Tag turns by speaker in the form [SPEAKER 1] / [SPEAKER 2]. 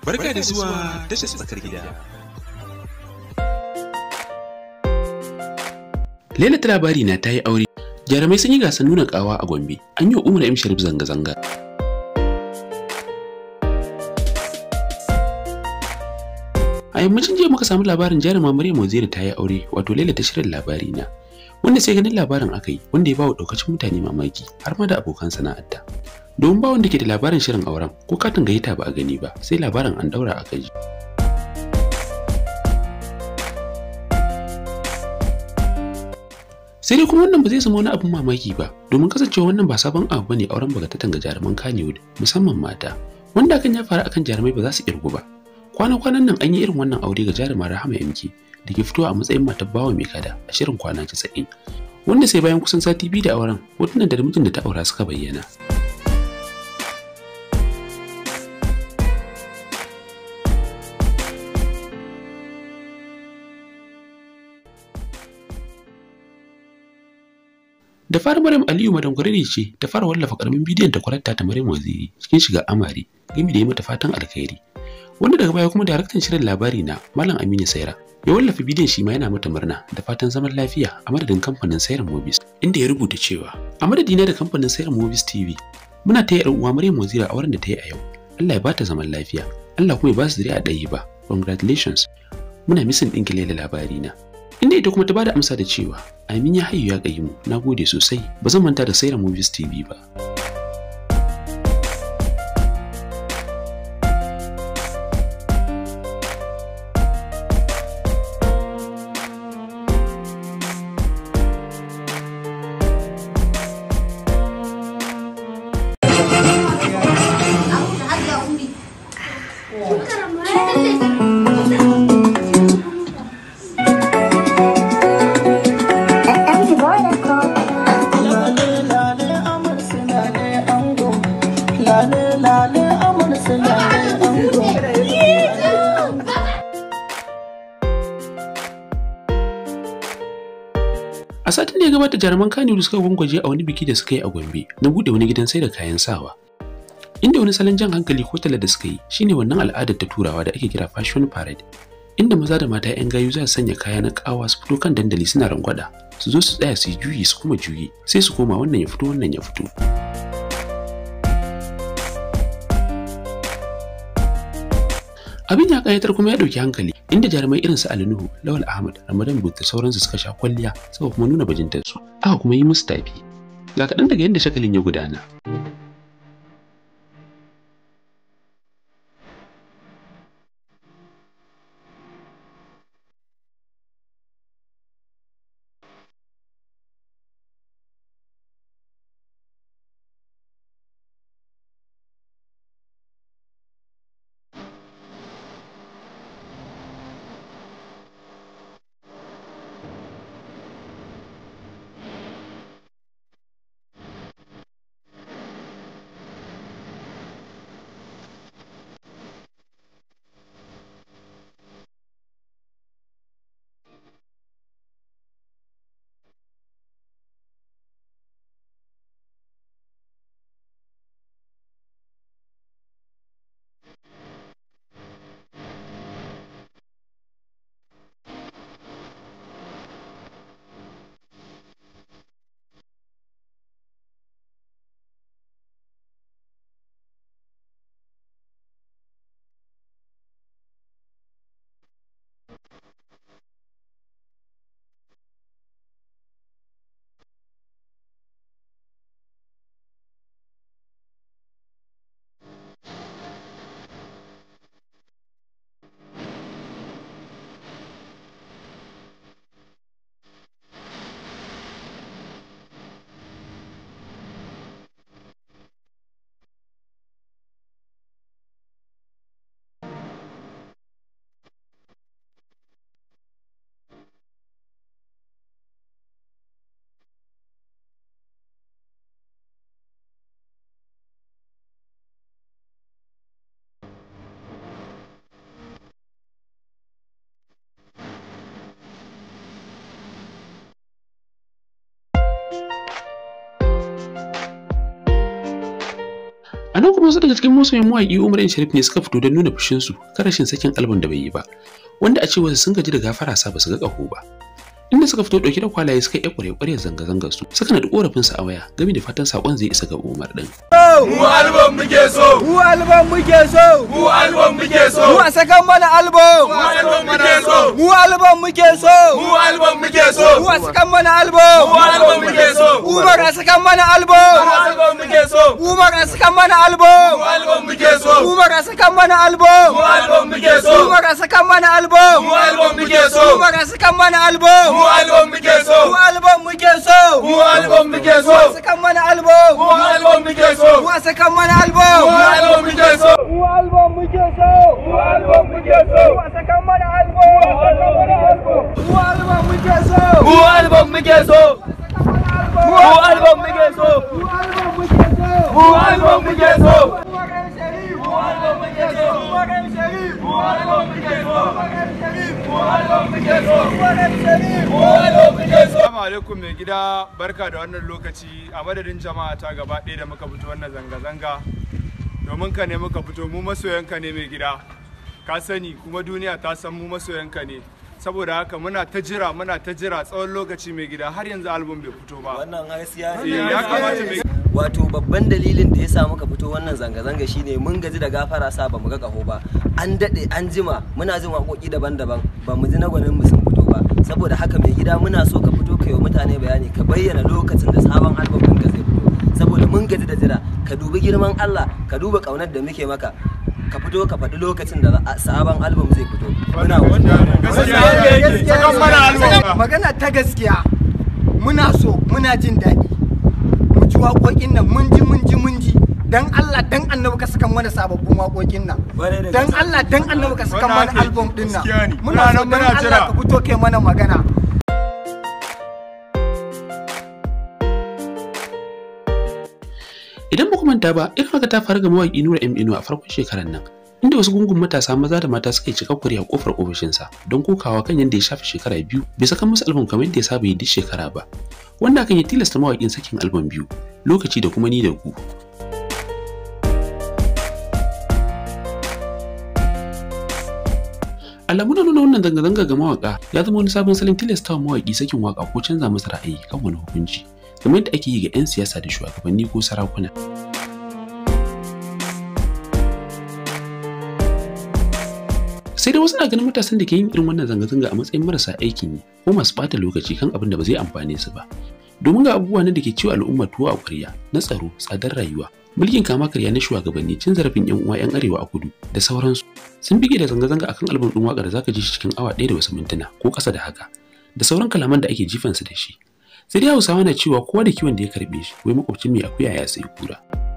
[SPEAKER 1] Barka da zuwa tashar tsakar gida. Laila ta labari na ta yi aure. Jarumai sun yi gasar nuna kawa a Gombe. An yi wa Umar M Sharif zanga-zanga. A yammacin jiya muka samu labarin jaruma Maryam Waziri ta yi aure wato Laila ta shirin labari na. Wanda sai ganin labarin aka yi wanda ya ba wa ɗaukacin mutane mamaki har ma da abokan sana'arta. domin ba wanda ke da labarin shirin auren ko katin gayyata ba a gani ba sai labarin an daura a kai. sai dai kuma wannan ba zai zama wani abin mamaki ba domin kasancewa wannan ba sabon abu bane auren bagatatan ga jaruman Kannywood musamman mata wanda kan ya faru akan jarumai ba za su kirgu ba kwana-kwanan nan an yi irin wannan aure ga jarumar Rahama MK da ke fitowa a matsayin matar bawa mai kada a shirin kwana 90 wanda sai bayan kusan sati biyu da auren hotunan da mutum da ta aura suka bayyana da fara Maryam Aliyu ne ce ta fara wallafa karamin bidiyon ta kwararta ta Maryam Waziri cikin shiga amari, gami da yi mata fatan alkhairi wanda daga baya kuma daraktan shirin labari na Malam Aminu Saira ya wallafa bidiyon shi ma yana mata murna da fatan zaman lafiya a madadin kamfanin Saira Movies inda ya rubuta cewa a madadina da kamfanin Saira Movies TV muna ta yi uwa Maryam Waziri a wurin da ta yi a yau Allah ya bata zaman lafiya Allah kuma ya ba su zuri'a ɗaya ba congratulations muna misin ɗinki lela labari na inda ita kuma ta bada amsa da cewa amin ya hayu ya mu na gode sosai ba zan manta da saira movies tv ba A satin da ya gabata jaruman Kanuri suka gwangwaje a wani biki da suka yi a Gombe na buɗe wani gidan sai da kayan sawa. Inda wani salon jan hankali ko talla da suka yi shine wannan al'adar ta turawa da ake kira fashion parade. Inda maza da mata 'yan gayu za su sanya kaya na kawa su fito kan dandali suna rangwada su zo su tsaya su yi juyi su kuma juyi sai su koma wannan ya fito wannan ya fito. Abin ya ƙayatar kuma ya ɗauki hankali inda jarumai irin su Nuhu, Lawal Ahmad, Ramadan Bud da sauransu suka sha kwalliya saboda kuma nuna bajintar su. Aka kuma yi musu tafi. Ga kaɗan daga yadda shakalin ya gudana. a nan kuma wasu daga cikin masoyan mawaƙi umar sharif ne suka fito don nuna su kan rashin sakin album da bai yi ba wanda a ce wasu sun gaji da gafara sa ba su ga ƙaho ba inda suka fito ɗauke da kwalaye suka yi kware-kware zanga-zangar su suka nadi korafin su a waya game da fatan sakon zai isa ga Umar din mu album muke so mu album muke so mu album muke so mu a sakan mana album mu album muke so mu album muke so mu album muke so mu a sakan mana album mu album muke so Umar a sakan mana album Umar a saka mana album. Mu album muke so. Umar a saka mana album. Mu album muke so. Umar a saka mana album. Mu album muke so. Umar a saka mana album. Mu album muke so. Mu album muke so. Mu album muke so. Mu saka mana album. Mu album muke so. Mu saka mana album. Mu album muke so. Mu album muke so. Mu album muke so. Mu saka mana album. Mu album muke so. Mu album muke so. algon muke mu algon muke so mu mu algon muke so mu algon muke Assalamu alaikum mai gida barka da wannan lokaci a madadin jama'a ta gaba ɗaya da muka fito wannan zanga-zanga domin ka ne muka fito mu masoyanka ne mai gida ka sani kuma duniya ta san mu masoyanka ne saboda haka muna ta jira muna ta jira tsawon lokaci mai gida har yanzu album bai fito ba wannan gaskiya eh, ne ya kamata mai wato babban dalilin da ya sa muka fito wannan zanga-zanga shine mun gaji da gafara sa ba mu ga kaho ba an daɗe an jima muna jin waƙoƙi daban-daban ba mu ji na gwanin mu sun fito ba saboda haka mai gida muna so ka fito kai wa mutane bayani ka bayyana lokacin da sabon album ka zai fito saboda mun gaji da jira ka dubi girman Allah ka duba ƙaunar da muke maka ka fito ka faɗi lokacin da sabon album zai fito muna magana ta gaskiya muna so muna jin daɗi waƙoƙin nan mun ji mun ji mun ji dan Allah dan annabi ka saka mana sababbin waƙoƙin nan dan Allah dan annabi ka saka mana album din nan muna nan muna jira ka fito kai mana magana idan ba manta ba irin ka ta faru ga mawaƙi Nura M a farkon shekarar nan inda wasu gungun matasa maza da mata suka yi cika kuri a kofar ofishinsa don kokawa kan yadda ya shafi shekara biyu bai saka musu album kamar yadda ya saba yi duk shekara ba wanda kan ya tilasta mawaƙin sakin album biyu lokaci da kuma ni da ku alamu na nuna wannan zanga-zanga ga mawaka ya zama wani sabon salon tilasta mawaƙi sakin waka ko canza masa ra'ayi kan wani hukunci kamar yadda ake yi ga 'yan siyasa da shugabanni ko sarakuna. sai da wasu na ganin matasan da ke yin irin wannan zanga-zanga a matsayin marasa aikin yi ko masu ɓata lokaci kan abin da ba zai amfane su ba domin ga abubuwa ne da ke ciwo al'umma tuwa a ƙwarya na tsaro tsadar rayuwa mulkin kama karya na shugabanni cin zarafin yan uwa yan arewa a kudu da sauransu sun bige da zanga-zanga akan album ɗin waƙar da zaka ji shi cikin awa ɗaya da wasu mintuna ko ƙasa da haka da sauran kalaman da ake jifansu da shi sai dai hausawa na cewa kowa da kiwon da ya karɓe shi wai makwabcin mai akuya ya sai kura